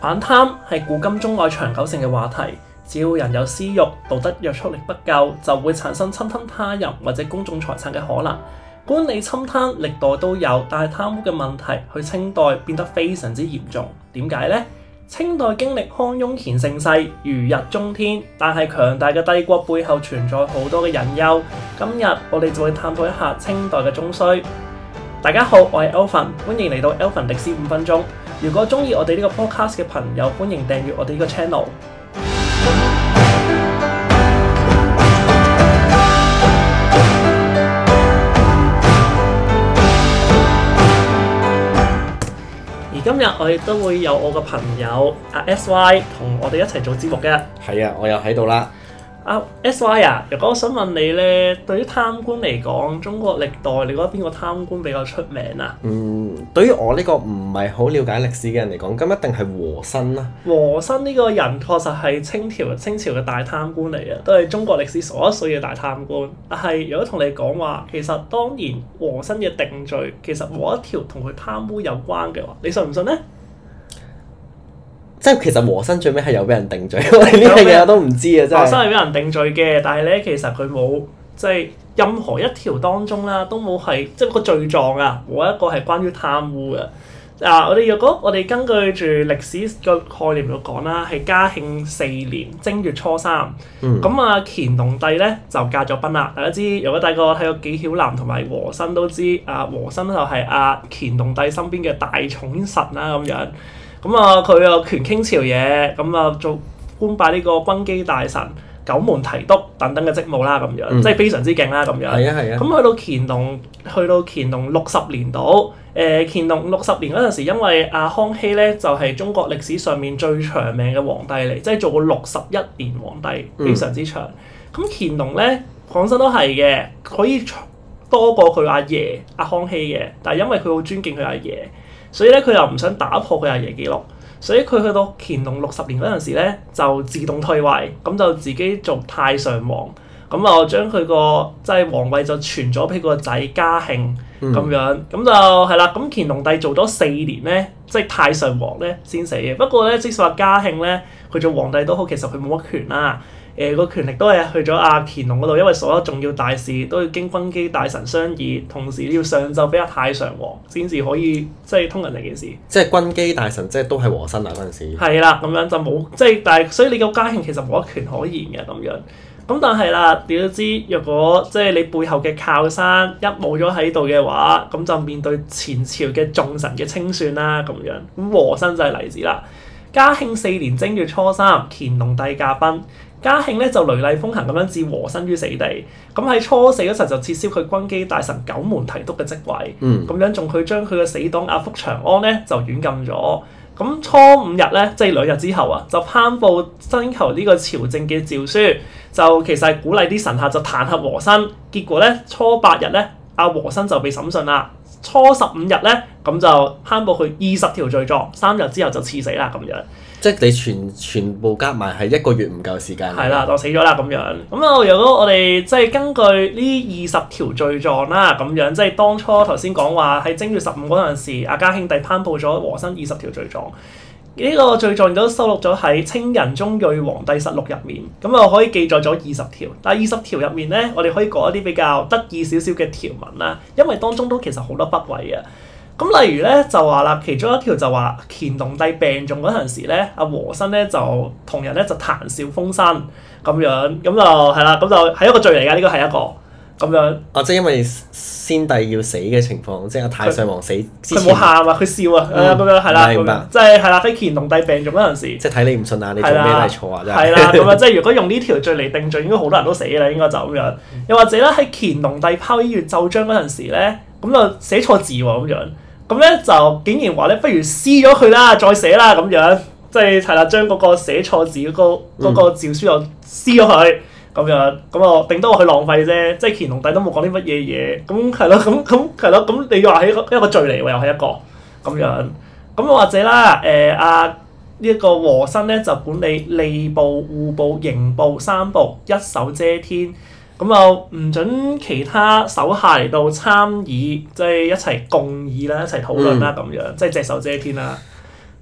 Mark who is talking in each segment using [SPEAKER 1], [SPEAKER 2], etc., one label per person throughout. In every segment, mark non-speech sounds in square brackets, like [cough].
[SPEAKER 1] 反貪係古今中外長久性嘅話題，只要人有私欲，道德約束力不夠，就會產生侵吞他人或者公眾財產嘅可能。官吏侵貪歷代都有，但係貪污嘅問題，去清代變得非常之嚴重。點解呢？清代經歷康雍乾盛世，如日中天，但係強大嘅帝國背後存在好多嘅隱憂。今日我哋就會探討一下清代嘅中衰。大家好，我係 Elvin，歡迎嚟到 Elvin 歷史五分鐘。如果中意我哋呢個 podcast 嘅朋友，歡迎訂閱我哋呢個 channel。而今日我亦都會有我個朋友阿、啊、SY 同我哋一齊做節目嘅。
[SPEAKER 2] 係啊，我又喺度啦。
[SPEAKER 1] 啊、oh，SY 啊，如果我想問你咧，對於貪官嚟講，中國歷代你覺得邊個貪官比較出名啊？嗯，
[SPEAKER 2] 對於我呢個唔係好了解歷史嘅人嚟講，咁一定係和珅啦、啊。
[SPEAKER 1] 和珅呢個人確實係清朝清朝嘅大貪官嚟啊，都係中國歷史所一歲嘅大貪官。但係如果同你講話，其實當然和珅嘅定罪其實冇一條同佢貪污有關嘅話，你信唔信咧？
[SPEAKER 2] 即係其實和珅最尾係有俾人定罪，我呢啲嘢我都唔知啊！真係和珅
[SPEAKER 1] 係俾人定罪嘅，但係咧其實佢冇即係任何一條當中啦，都冇係即係個罪狀啊，冇一個係關於貪污嘅。啊，我哋若果我哋根據住歷史個概念嚟講啦，係嘉慶四年正月初三，咁、嗯、啊乾隆帝咧就駕咗崩啦。大家知，如果大家睇過《紀曉嵐》同埋和珅都知，啊和珅就係阿、啊、乾隆帝身邊嘅大寵臣啦咁樣。咁啊，佢、嗯、又權傾朝野，咁、嗯、啊做官拜呢個軍機大臣、九門提督等等嘅職務啦、啊，咁樣即係非常之勁啦、啊，咁樣。係啊，係啊。咁去、嗯、到乾隆，去到乾隆六十年度，誒乾隆六十年嗰陣時，因為阿、啊、康熙咧就係、是、中國歷史上面最長命嘅皇帝嚟，即係做過六十一年皇帝，非常之長。咁、嗯啊、乾隆咧講真都係嘅，可以多過佢阿爺阿康熙嘅，但係因為佢好尊敬佢阿爺。阿所以咧，佢又唔想打破佢阿爺紀錄，所以佢去到乾隆六十年嗰陣時咧，就自動退位，咁就自己做太上皇，咁啊將佢個即係皇位傳、嗯、就傳咗俾個仔嘉慶咁樣，咁就係啦。咁乾隆帝做咗四年咧，即、就、係、是、太上皇咧先死嘅。不過咧，即使話嘉慶咧，佢做皇帝都好，其實佢冇乜權啦。誒個、呃、權力都係去咗阿、啊、乾隆嗰度，因為所有重要大事都要經軍機大臣商議，同時要上奏俾阿太上皇先至可以即係通人。呢件事。
[SPEAKER 2] 即係軍機大臣，即係都係和珅啦嗰陣時。
[SPEAKER 1] 係啦，咁樣就冇即係，但係所以你個嘉慶其實冇一權可言嘅咁樣。咁但係啦，你都知若果即係你背後嘅靠山一冇咗喺度嘅話，咁就面對前朝嘅眾臣嘅清算啦。咁樣和珅就係例子啦。嘉慶四年正月初三，乾隆帝駕崩。嘉慶咧就雷厲風行咁樣置和珅於死地，咁喺初四嗰陣就撤銷佢軍機大臣、九門提督嘅職位，咁、嗯、樣仲佢將佢嘅死黨阿福長安咧就軟禁咗。咁初五日咧，即、就、係、是、兩日之後啊，就頒布徵求呢個朝政嘅詔書，就其實係鼓勵啲臣下就彈劾和珅。結果咧，初八日咧，阿和珅就被審訊啦。初十五日咧，咁就頒布佢二十條罪狀，三日之後就賜死啦咁樣。
[SPEAKER 2] 即係你全全部加埋係一個月唔夠時間，係啦，就死咗啦咁樣。
[SPEAKER 1] 咁啊，如果我哋即係根據呢二十條罪狀啦，咁樣即係當初頭先講話喺正月十五嗰陣時，阿家兄弟頒布咗和珅二十條罪狀。呢個罪狀都收錄咗喺《清仁宗睿皇帝實錄》入面，咁啊可以記載咗二十條。但係二十條入面呢，我哋可以講一啲比較得意少少嘅條文啦，因為當中都其實好多不為嘅。咁例如咧就話啦，其中一條就話乾隆帝病重嗰陣時咧，阿和珅咧就同人咧就談笑風生咁樣，
[SPEAKER 2] 咁就係啦，咁就係一個罪嚟噶，呢個係一個咁樣。啊，即係因為先帝要死嘅情況，即係阿太上皇死之前，佢冇喊啊，佢笑啊咁樣，係啦，即係
[SPEAKER 1] 係啦，喺乾隆帝病重嗰陣時，即係睇你唔信啊，你做咩嚟錯啊？真係，係啦，咁啊，即係如果用呢條罪嚟定罪，應該好多人都死啦，應該就咁樣。又或者咧，喺乾隆帝拋御奏章嗰陣時咧，咁就寫錯字喎咁樣。咁咧就竟然話咧，不如撕咗佢啦，再寫啦咁樣，即係齊啦將嗰個寫錯字嗰、那個嗰、那個詔書又撕我撕咗佢，咁樣咁啊，頂多我去浪費啫，即係乾隆帝都冇講啲乜嘢嘢，咁係咯，咁咁係咯，咁你話喺一個一個罪嚟喎，又係一個咁樣，咁或者啦，誒阿呢一個和珅咧就管理吏部、戶部、刑部三部，一手遮天。咁就唔准其他手下嚟到參與、就是嗯，即係一齊共議啦，一齊討論啦，咁樣即係隻手遮天啦、啊。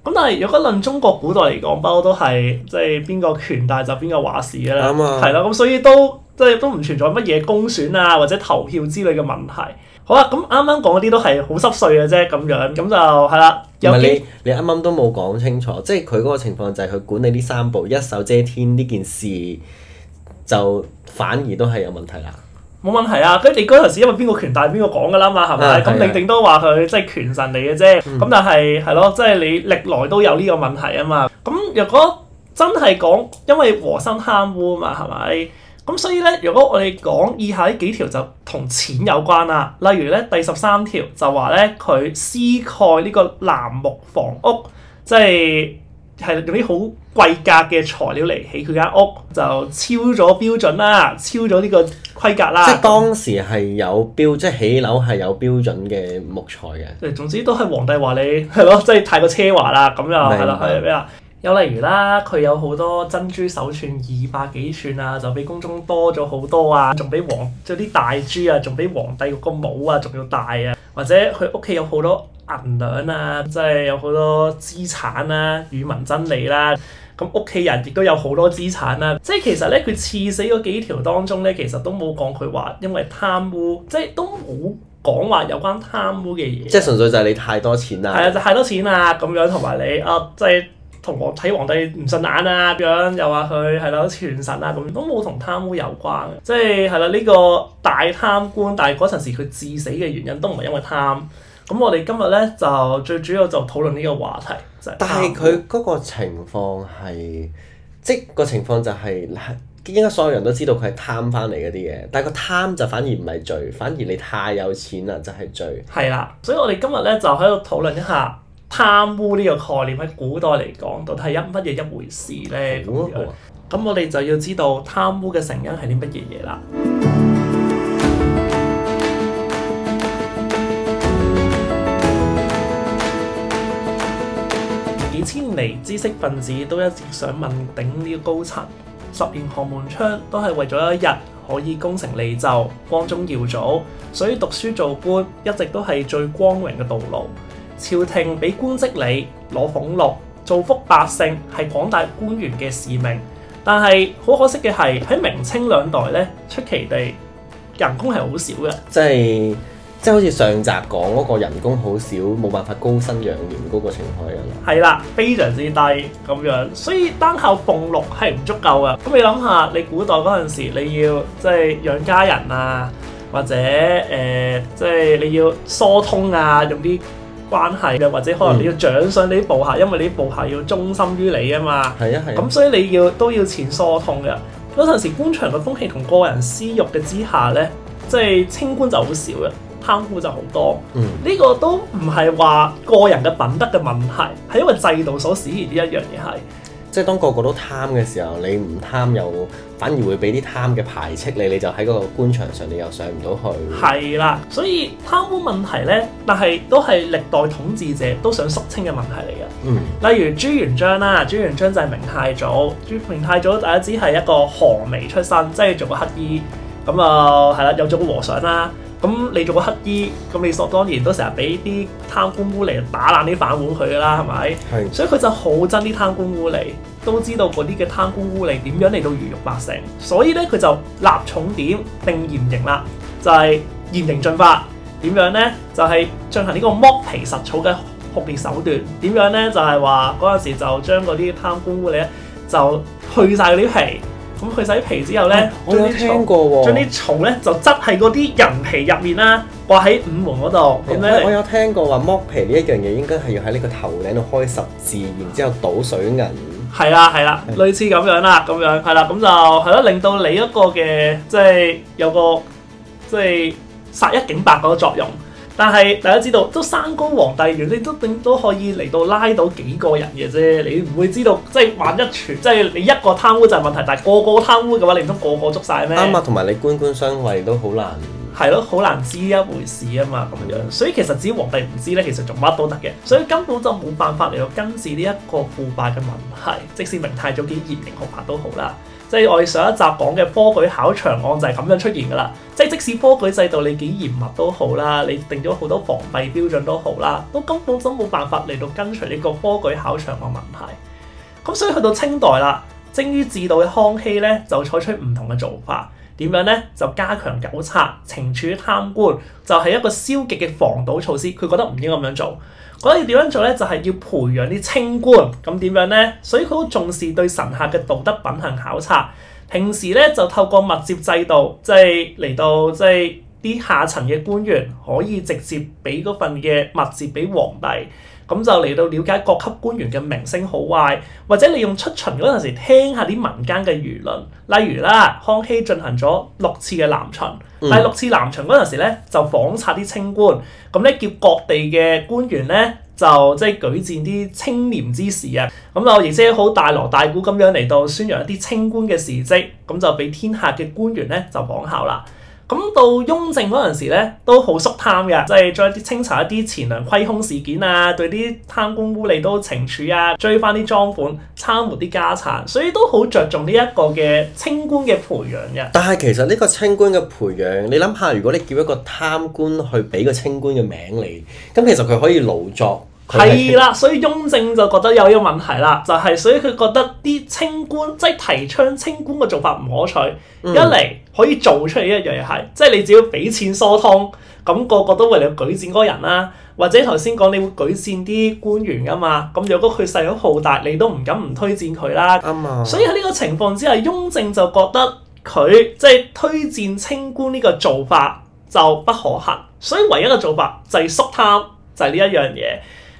[SPEAKER 1] 咁但係若果論中國古代嚟講，不嬲都係即係邊個權大就邊個話事㗎啦，係啦、嗯啊。咁所以都即係都唔存在乜嘢公選啊，或者投票之類嘅問題。好
[SPEAKER 2] 啦、啊，咁啱啱講嗰啲都係好濕碎嘅啫，咁樣咁就係啦。有係你你啱啱都冇講清楚，即係佢嗰個情況就係佢管理呢三部一手遮天呢件事就。反而都係有問題啦，
[SPEAKER 1] 冇問題啊！跟住嗰陣時，因為邊個權大邊個講噶啦嘛，係咪？咁的你頂多話佢即係權臣嚟嘅啫。咁、嗯、但係係咯，即係、就是、你歷來都有呢個問題啊嘛。咁若果真係講，因為和珅貪污啊嘛，係咪？咁所以咧，如果我哋講以下呢幾條就同錢有關啦。例如咧，第十三條就話咧，佢私蓋呢個楠木房屋，即係。係用啲好貴格嘅材料嚟起佢間屋，就超
[SPEAKER 2] 咗標準啦，超咗呢個規格啦。即係當時係有標，即係起樓係有標準嘅木材嘅。誒，總之都係皇帝話你係咯，即係太過奢華啦，咁啊，係啦白，係咩
[SPEAKER 1] 啊？有例如啦，佢有好多珍珠手串二百幾串啊，就比宮中多咗好多啊，仲比皇即啲大珠啊，仲比皇帝個帽啊仲要大啊，或者佢屋企有好多。銀兩啊，即係有好多資產啦，與民爭利啦，咁屋企人亦都有好多資產啦。即係其實咧，佢刺死嗰幾條當中咧，其實都冇講佢話因為貪污，即係都冇講話有關貪污嘅嘢。即係純粹
[SPEAKER 2] 就係你太多錢啦。係啊，就
[SPEAKER 1] 太多錢啦咁樣，同埋你啊，即係同皇睇皇帝唔順眼啊，咁樣又話佢係啦，權臣啊，咁都冇同貪污有關。即係係啦，呢個大貪官，但係嗰陣時佢致死嘅原因都唔係因為貪。咁我哋今日咧就最主要就討論呢個話題，即係貪。但係佢
[SPEAKER 2] 嗰個情況係，即個情況就係，應應該所有人都知道佢係貪翻嚟嗰啲嘢。但係個貪就反而唔係罪，反而你太有錢啦就係罪。係啦，
[SPEAKER 1] 所以我哋今日咧就喺度討論一下貪污呢個概念喺古代嚟講，到底係乜嘢一回事咧？咁的我哋就要知道貪污嘅成因係啲乜嘢嘢啦。千里知識分子都一直想問鼎呢個高層，十年寒門窗都係為咗一日可以功成利就、光宗耀祖，所以讀書做官一直都係最光榮嘅道路。朝廷俾官職你攞俸祿，造福百姓係廣大官員嘅使命。但係好可惜嘅係喺明清兩代呢，出奇地人工係好少嘅，即
[SPEAKER 2] 係。即係好似上集講嗰、那個人工好少，冇辦法高薪養廉嗰個情況樣啦。係啦，
[SPEAKER 1] 非常之低咁樣，
[SPEAKER 2] 所以單靠俸祿係唔足夠嘅。咁你諗下，你古
[SPEAKER 1] 代嗰陣時你要即係、就是、養家人啊，或者誒即係你要疏通啊，用啲關係嘅，或者可能你要獎賞你啲部下，嗯、因為你啲部下要忠心於你啊嘛。係啊，係咁、啊，所以你要都要錢疏通嘅。嗰陣時官場嘅風氣同個人私欲嘅之下咧，即、就、係、是、清官就好少嘅。貪污就好多，呢、嗯、個都唔係話個人嘅品德嘅問題，係因為制度
[SPEAKER 2] 所使而呢一樣嘢係。即係當個個都貪嘅時候，你唔貪又反而會俾啲貪嘅排斥你，你就喺嗰個官場上你又上唔到去。係啦、嗯，
[SPEAKER 1] 所以貪污問題呢，但係都係歷代統治者都想肅清嘅問題嚟嘅。嗯，例如朱元璋啦，朱元璋就係明太祖，朱明太祖大家知係一個寒微出身，即係做個乞兒。咁啊係啦，有咗個和尚啦。咁你做個乞衣，咁你所當然都成日俾啲貪官污吏打爛啲飯碗佢噶啦，係咪？係是。所以佢就好憎啲貪官污吏，都知道嗰啲嘅貪官污吏點樣嚟到魚肉百姓。所以咧佢就立重點定嚴刑啦，就係嚴刑峻法。點樣咧？就係、是、進行呢個剝皮實草嘅酷烈手段。點樣咧？就係話嗰陣時就將嗰啲貪官污吏咧就去晒嗰啲皮。咁佢洗皮之後咧，啊、我有聽過喎、將啲蟲，將啲蟲咧就擠喺嗰啲人皮入面啦，掛喺五
[SPEAKER 2] 門嗰度。咁我有聽過話、啊、剝皮呢一樣嘢，應該係要喺呢個頭頂度開十字，然之後倒水銀。係啦、啊，係啦、啊，啊、類似咁樣啦，咁樣係啦，咁、啊、就係咯、啊，令
[SPEAKER 1] 到你一個嘅即係有個即係殺一儆百嗰個作用。但係大家知道都山高皇帝遠，你都頂多可以嚟到拉到幾個人嘅啫，你唔會知道即係萬一全，即係你一個貪污就係問題，但係個個貪污嘅話，你都個個捉晒咩？啱啊，同埋你官官相衛都好難，係咯，好難知一回事啊嘛咁樣，所以其實只要皇帝唔知咧，其實做乜都得嘅，所以根本就冇辦法嚟到根治呢一個腐敗嘅問題，即使明太祖嘅嚴刑酷法都好啦。即係我哋上一集講嘅科舉考場案就係咁樣出現噶啦。即係即使科舉制度你幾嚴密都好啦，你定咗好多防弊標準都好啦，都根本都冇辦法嚟到根除呢個科舉考場個問題。咁所以去到清代啦，精於治道嘅康熙咧就採取唔同嘅做法，點樣咧就加強糾察，懲處貪官，就係一個消極嘅防堵措施。佢覺得唔應該咁樣做。覺得要點樣做咧，就係、是、要培養啲清官。咁點樣咧？所以佢好重視對臣下嘅道德品行考察。平時咧就透過密折制度，即係嚟到即係啲下層嘅官員可以直接俾嗰份嘅密折俾皇帝。咁就嚟到了解各級官員嘅名聲好壞，或者利用出巡嗰陣時聽下啲民間嘅輿論。例如啦，康熙進行咗六次嘅南巡，第六次南巡嗰陣時咧就訪察啲清官，咁咧叫各地嘅官員咧就即係舉薦啲清廉之士啊。咁就亦都好大鑼大鼓咁樣嚟到宣揚一啲清官嘅事蹟，咁就俾天下嘅官員咧就仿效啦。咁到雍正嗰陣時咧，都好肅貪嘅，即係將啲清查、一啲錢糧虧空事件啊，對啲貪官污吏都懲處啊，追翻啲贓款，參沒啲家產，所以都好着重呢一個嘅清官嘅培養嘅。
[SPEAKER 2] 但係其實呢個清官嘅培、培養，你諗下，如果你叫一個貪官去俾個清官嘅名你，咁其實佢可以老作。係啦，所以雍正就覺得有
[SPEAKER 1] 一個問題啦，就係、是、所以佢覺得啲清官即係、就是、提倡清官嘅做法唔可取。一嚟可以做出嚟一樣嘢，係，即係你只要俾錢疏通，咁、那個個都為你舉薦嗰人啦，或者頭先講你會舉薦啲官員噶嘛，咁有個聲勢浩大，你都唔敢唔推薦佢啦。啱啊！所以喺呢個情況之下，雍正就覺得佢即係推薦清官呢個做法就不可行，所以唯一嘅做法就係縮貪，就係呢一樣嘢。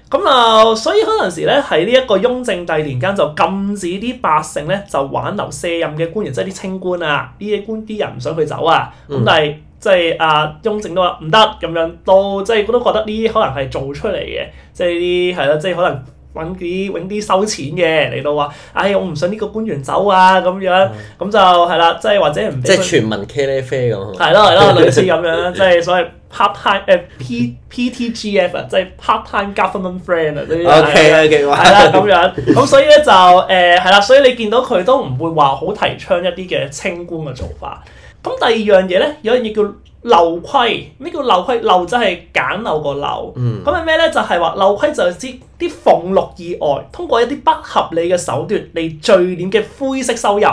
[SPEAKER 1] 咁啊、嗯，所以嗰陣時咧，喺呢一個雍正帝年間就禁止啲百姓咧，就挽留卸任嘅官員，即係啲清官啊，呢啲官啲人唔想佢走啊。咁、嗯、但係即係阿雍正都話唔得咁樣都，都即係佢都覺得呢啲可能係做出嚟嘅，即係呢啲係啦，即係、就是、可能。揾啲啲收錢嘅嚟到話，唉、哎，我唔想呢個官員走啊咁樣，咁就係啦，即係或者唔即係全
[SPEAKER 2] 民 K 呢啡咁。係咯係咯，類似咁樣，即
[SPEAKER 1] 係所謂 part time 誒、uh, PPTGF 啊，f，即係 part time government friend 啊呢啲係啦咁樣。咁所以咧就誒係啦，所以你見到佢都唔會話好提倡一啲嘅清官嘅做法。咁第二樣嘢咧，有一樣嘢叫陋規，咩叫陋規？陋就係簡陋個陋。咁係咩咧？就係話陋規就係指啲俸祿以外，通過一啲不合理嘅手段，嚟聚斂嘅灰色收入，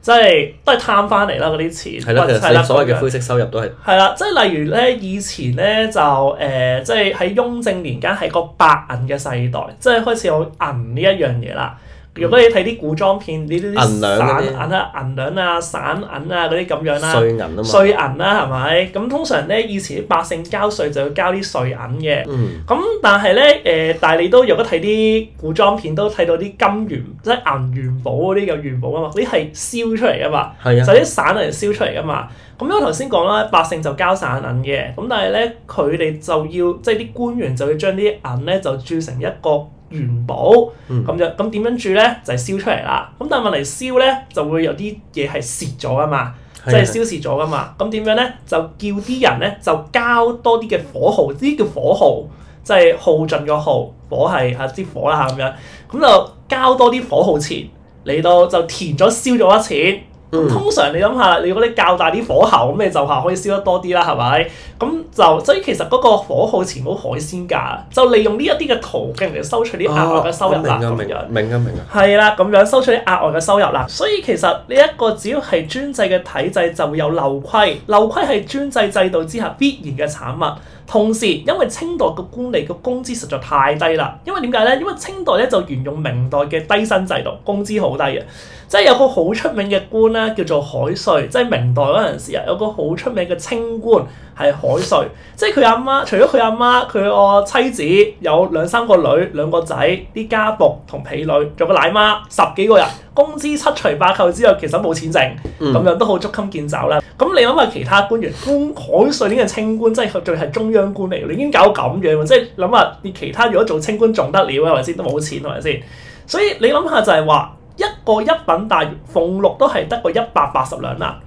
[SPEAKER 1] 即係都係貪翻嚟啦嗰啲錢。係啦的，即係所謂嘅灰色收入都係。係啦，即係例如咧，以前咧就誒，即係喺雍正年間係個白銀嘅世代，即係開始有銀呢一樣嘢啦。如果你睇啲古裝片，呢啲啲散銀啊銀,銀兩啊散銀啊嗰啲咁樣啦，碎銀啊嘛，碎銀啦係咪？咁通常咧以前啲百姓交稅就要交啲稅銀嘅。嗯。咁但係咧誒，但係你都，若果睇啲古裝片，都睇到啲金元即係銀元寶嗰啲叫元寶啊嘛，啲係燒出嚟噶、啊、嘛，就啲散銀燒出嚟噶嘛。咁我為頭先講啦，百姓就交散銀嘅，咁但係咧佢哋就要即係啲官員就要將啲銀咧就鑄成一個。元寶咁樣咁點樣住咧就係、是、燒出嚟啦，咁但係問嚟燒咧就會有啲嘢係蝕咗㗎嘛，即、就、係、是、燒蝕咗㗎嘛，咁點樣咧就叫啲人咧就交多啲嘅火，火、就是、耗，耗，呢啲叫火耗，即係耗盡個耗火係啊，啲火啦咁樣，咁就交多啲火耗錢嚟到就填咗燒咗一錢。嗯、通常你諗下，如果你較大啲火候，咁你就下可以燒得多啲啦，係咪？咁就所以其實嗰個火耗錢冇海鮮價，就利用呢一啲嘅途徑嚟收取啲額外嘅收入啦。咁樣明啊，明啊，係啦，咁樣收取啲額外嘅收入啦。所以其實呢一個只要係專制嘅體制就會有陋規，陋規係專制制度之下必然嘅產物。同時，因為清代個官吏個工資實在太低啦，因為點解呢？因為清代咧就沿用明代嘅低薪制度，工資好低嘅。即係有個好出名嘅官咧，叫做海瑞。即係明代嗰陣時啊，有個好出名嘅清官。係海瑞，即係佢阿媽，除咗佢阿媽，佢個妻子有兩三個女、兩個仔，啲家僕同婢女，仲有個奶媽，十幾個人，工資七除八扣之後，其實冇錢剩，咁樣都好捉襟見肘啦。咁、嗯、你諗下其他官員，官海瑞呢個清官，即係仲係中央官嚟，你已經搞咁樣，即係諗下你其他如果做清官仲得了啊？係咪先都冇錢係咪先？所以你諗下就係話一個一品大員俸祿都係得個一百八十兩啦。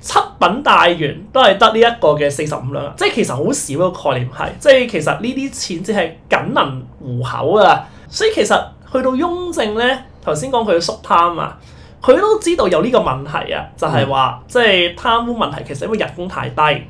[SPEAKER 1] 七品大員都係得呢一個嘅四十五兩啊，即係其實好少嘅概念係，即係其實呢啲錢只係僅能糊口啊。所以其實去到雍正呢，頭先講佢嘅肅貪啊，佢都知道有呢個問題啊，就係、是、話，嗯，即係貪污問題其實因為人工太低，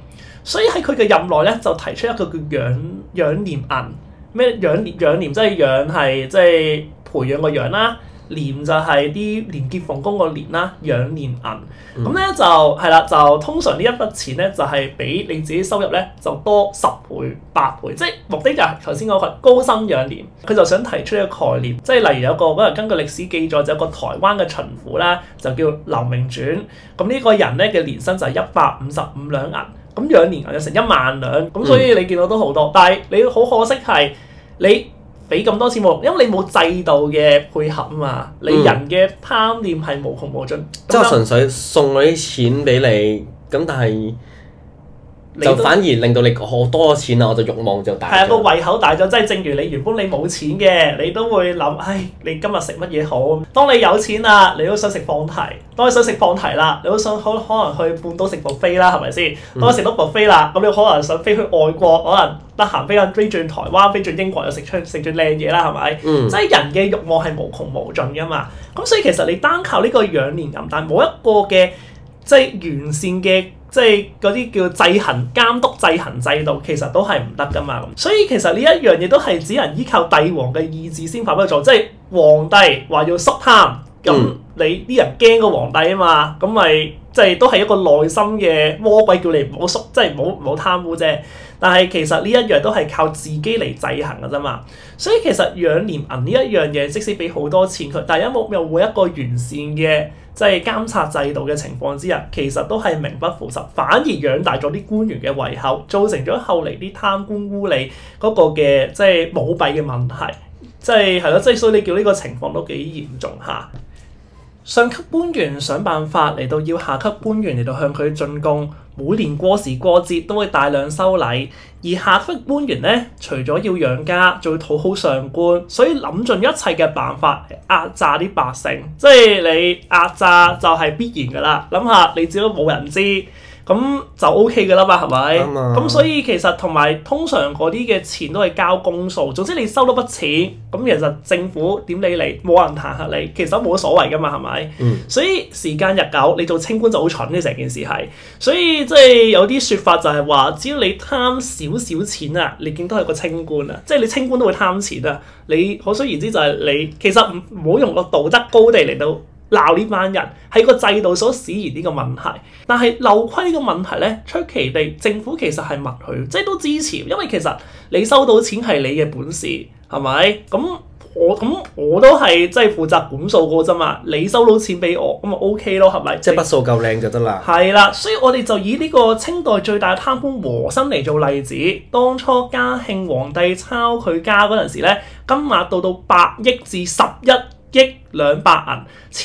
[SPEAKER 1] 所以喺佢嘅任內呢，就提出一個叫養養廉銀，咩養養廉即係養係即係培養個養啦。年就係啲廉潔奉公個年啦，養廉銀咁咧、嗯、就係啦，就通常呢一筆錢咧就係、是、比你自己收入咧就多十倍八倍，即係目的就係頭先嗰個高薪養廉，佢就想提出一個概念，即係例如有個咁根據歷史記載就有個台灣嘅巡撫啦，就叫劉銘傳，咁呢個人咧嘅年薪就係一百五十五兩銀，咁養廉銀就成一萬兩，咁所以你見到都好多，嗯、但係你好可惜係你。俾咁多錢冇，因為你冇制度嘅配合啊嘛，嗯、你人嘅貪念係無窮無盡。即係、嗯、咁純
[SPEAKER 2] 粹送咗啲錢俾你，咁但係。就反而令到你好多錢啊！我就欲望就大。係啊，個
[SPEAKER 1] 胃口大咗，即係正如你原本你冇錢嘅，你都會諗，唉，你今日食乜嘢好？當你有錢啦，你都想食放題；當你想食放題啦，你都想好可能去半島食 buffet 啦，係咪先？嗯、當你食 buffet 啦，咁你可能想飛去外國，可能得閒飛下飛轉台灣，飛轉英國又食出食啲靚嘢啦，係咪？是是嗯、即係人嘅欲望係無窮無盡噶嘛。咁所以其實你單靠呢個養年金，但係冇一個嘅。即係完善嘅，即係嗰啲叫制衡、監督、制衡制度，其實都係唔得噶嘛。所以其實呢一樣嘢都係只能依靠帝王嘅意志先發揮作用。即係皇帝話要縮貪，咁、嗯、你啲人驚個皇帝啊嘛，咁咪、就是、即係都係一個內心嘅魔鬼叫你唔好縮，即係唔好唔好貪污啫。但係其實呢一樣都係靠自己嚟制衡嘅啫嘛。所以其實養廉銀呢一樣嘢，即使俾好多錢佢，但係有冇又冇一個完善嘅。即係監察制度嘅情況之下，其實都係名不符實，反而養大咗啲官員嘅胃口，造成咗後嚟啲貪官污吏嗰個嘅即係舞弊嘅問題，即係係咯，即係所以你叫呢個情況都幾嚴重嚇。上級官員想辦法嚟到要下級官員嚟到向佢進貢，每年過時過節都會大量收禮。而下級官員咧，除咗要養家，仲要討好上官，所以諗盡一切嘅辦法壓榨啲百姓。即係你壓榨就係必然㗎啦。諗下你只要冇人知。咁就 OK 嘅啦嘛，係咪？咁 [music] 所以其實同埋通常嗰啲嘅錢都係交公數，總之你收到筆錢，咁其實政府點理你，冇人彈劾你，其實冇乜所謂噶嘛，係咪？ [music] 所以時間日久，你做清官就好蠢嘅成件事係，所以即係有啲説法就係話，只要你貪少少錢啊，你見到係個清官啊，即係你清官都會貪錢啊，你可想而知就，就係你其實唔好用個道德高地嚟到。鬧呢班人係個制度所使而呢個問題。但係漏規呢個問題咧，出奇地政府其實係默許，即係都支持。因為其實你收到錢係你嘅本事，係咪？咁我咁我都係即係負責管數個啫嘛，你收到錢俾我咁咪 O K 咯，係咪？即係筆數夠靚就得啦。係啦，所以我哋就以呢個清代最大貪官和珅嚟做例子，當初嘉慶皇帝抄佢家嗰陣時咧，金額到到百億至十一億兩百銀，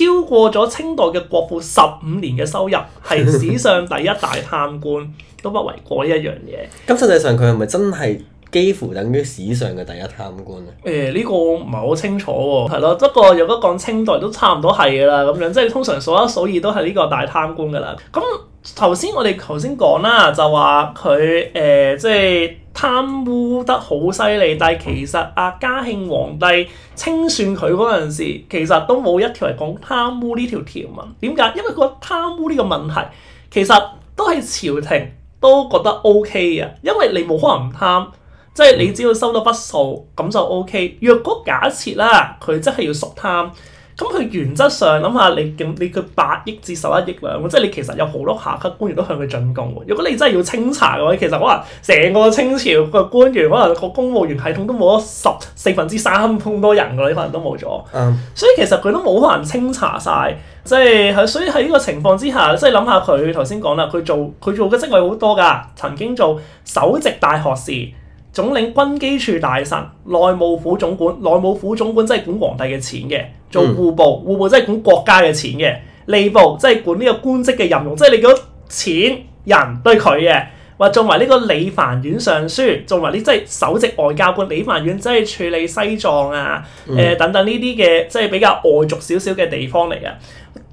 [SPEAKER 1] 超過咗清代嘅國庫十五年嘅收入，係史上第一大貪官都不為過一樣嘢。
[SPEAKER 2] 咁 [laughs] 實際上佢係咪真係幾乎等於史上嘅第一貪官
[SPEAKER 1] 咧？誒呢個唔係好清楚喎，係咯。不過如果講清代都差唔多係噶啦咁樣，即係通常數一數二都係呢個大貪官噶啦。咁頭先我哋頭先講啦，就話佢誒即係。貪污得好犀利，但係其實阿嘉慶皇帝清算佢嗰陣時，其實都冇一條嚟講貪污呢條條文。點解？因為個貪污呢個問題，其實都係朝廷都覺得 OK 嘅，因為你冇可能唔貪，即係你只要收到筆數咁就 OK。若果假設啦，佢真係要肅貪。咁佢原則上諗下，你你佢八億至十一億兩，即係你其實有好多下級官員都向佢進貢，如果你真係要清查嘅話，其實可能成個清朝個官員，可能個公務員系統都冇咗十四分之三咁多人㗎，你可能都冇咗。所以其實佢都冇可能清查晒。即係係所以喺呢個情況之下，即係諗下佢頭先講啦，佢做佢做嘅職位好多㗎，曾經做首席大學士。總領軍機處大臣、內務府總管、內務府總管即係管皇帝嘅錢嘅；做戶部，戶部即係管國家嘅錢嘅；吏部即係管呢個官職嘅任用，即係你嗰錢人對佢嘅。或作埋呢個理藩院尚書，作埋呢即係首席外交官，理藩院即係處理西藏啊、誒、嗯、等等呢啲嘅即係比較外族少少嘅地方嚟嘅。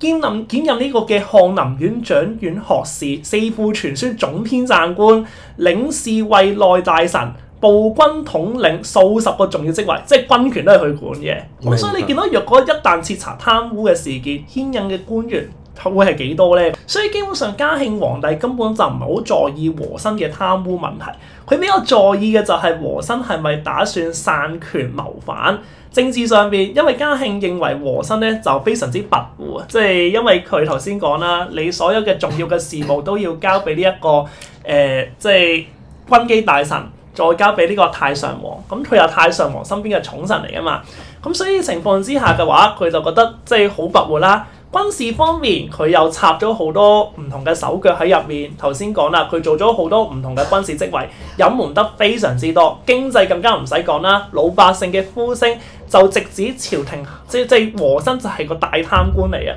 [SPEAKER 1] 兼任兼任呢個嘅翰林院掌院學士、四庫全書總編撰官、領侍衛內大臣。步軍統領數十個重要職位，即係軍權都係佢管嘅。咁、mm hmm. 所以你見到若果一旦徹查貪污嘅事件，牽引嘅官員會係幾多呢？所以基本上嘉慶皇帝根本就唔係好在意和珅嘅貪污問題，佢比較在意嘅就係和珅係咪打算散權謀反。政治上邊，因為嘉慶認為和珅咧就非常之跋扈，即係因為佢頭先講啦，你所有嘅重要嘅事務都要交俾呢一個誒，即係軍機大臣。再交俾呢個太上皇，咁佢又太上皇身邊嘅寵臣嚟噶嘛？咁所以情況之下嘅話，佢就覺得即係好跋扈啦。軍事方面，佢又插咗好多唔同嘅手腳喺入面。頭先講啦，佢做咗好多唔同嘅軍事職位，隱瞞得非常之多。經濟更加唔使講啦，老百姓嘅呼聲就直指朝廷，即係和珅就係個大貪官嚟啊！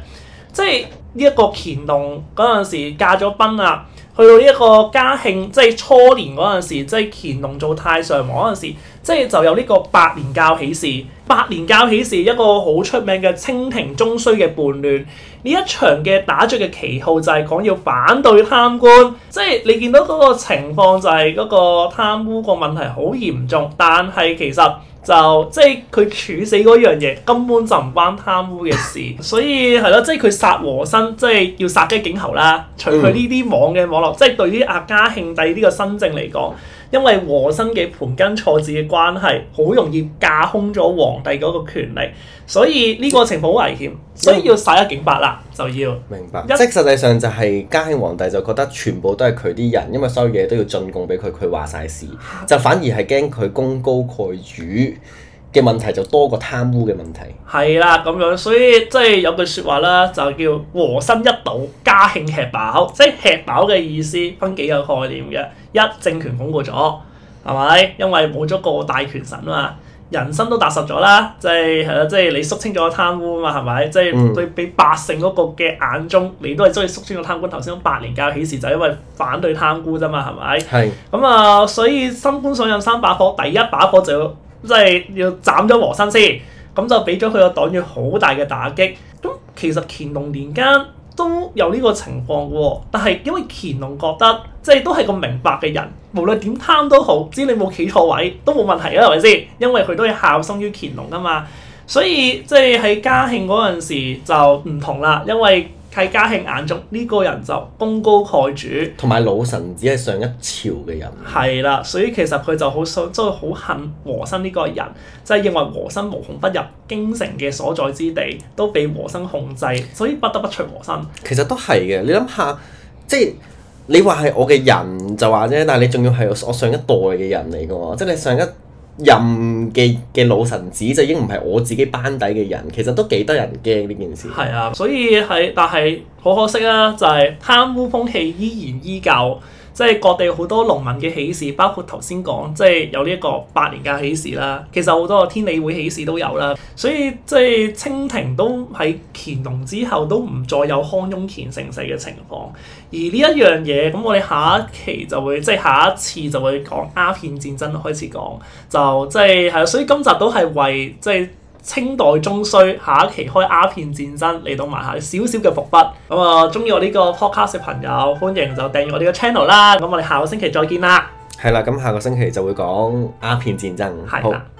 [SPEAKER 1] 即係呢一個乾隆嗰陣時駕咗崩啊。去到一個嘉慶即係初年嗰陣時，即係乾隆做太上皇嗰陣時，即係就有呢個白蓮教起事。白蓮教起事一個好出名嘅清廷中衰嘅叛亂。呢一場嘅打著嘅旗號就係講要反對貪官，即係你見到嗰個情況就係嗰個貪污個問題好嚴重，但係其實。就即係佢處死嗰樣嘢根本就唔關貪污嘅事，所以係咯，即係佢殺和珅，即係要殺雞儆猴啦。除佢呢啲網嘅網絡，嗯、即係對於阿嘉慶帝呢個新政嚟講。因為和珅嘅盤根錯節嘅關係，好容易架空咗皇帝嗰個權力，所以呢個情況好危險，所以要殺一儆百啦，就要明白，一即係
[SPEAKER 2] 實際上就係嘉慶皇帝就覺得全部都係佢啲人，因為所有嘢都要進貢俾佢，佢話晒事，就反而係驚佢功高蓋主。嘅問題就多過貪污嘅問題，
[SPEAKER 1] 係啦咁樣，所以即係有句説話啦，就叫和珅一倒，嘉慶吃飽，即係吃飽嘅意思分幾個概念嘅，一政權鞏固咗，係咪？因為冇咗個大權臣啊嘛，人心都踏實咗啦，即係係啦，即係你肅清咗貪污啊嘛，係咪？即係對俾百姓嗰個嘅眼中，嗯、你都係中意肅清咗貪官。頭先講白蓮教起事就係因為反對貪污啫嘛，係咪？係是。咁啊，所以新官上任三把火，第一把火就。即係要斬咗和珅先，咁就俾咗佢個黨羽好大嘅打擊。咁其實乾隆年間都有呢個情況嘅，但係因為乾隆覺得即係、就是、都係個明白嘅人，無論點貪都好，只要你冇企錯位都冇問題啊，係咪先？因為佢都係效生於乾隆噶嘛，所以即係喺嘉慶嗰陣時就唔同啦，因為。喺嘉慶眼中呢個人就功高蓋主，同
[SPEAKER 2] 埋老臣只係上一朝嘅人。
[SPEAKER 1] 係啦，所以其實佢就好想即係好恨和珅呢個人，即係認為和珅無孔不入，京城嘅所在之地都被和珅控制，
[SPEAKER 2] 所以不得不除和珅。其實都係嘅，你諗下，即係你話係我嘅人就話啫，但係你仲要係我上一代嘅人嚟㗎喎，即係你上一。任嘅嘅老臣子就已經唔係我自己班底嘅人，其實都幾得人驚呢件事。係
[SPEAKER 1] 啊，所以係，但係好可惜啊，就係、是、貪污風氣依然依舊。即係各地好多農民嘅喜事，包括頭先講，即係有呢一個八年嘅喜事啦。其實好多個天理會喜事都有啦。所以即係清廷都喺乾隆之後都唔再有康雍乾盛世嘅情況。而呢一樣嘢，咁我哋下一期就會即係下一次就會講鴉片戰爭開始講，就即係係。所以今集都係為即係。清代中衰，下一期開鴉片戰爭嚟到埋下少少嘅伏筆。咁啊，鍾、呃、意我呢個 podcast 嘅朋友，歡迎就訂閱我哋個 channel 啦。咁我哋下個星期再見啦。
[SPEAKER 2] 係啦，咁下個星期就會講鴉片戰爭。係啦的。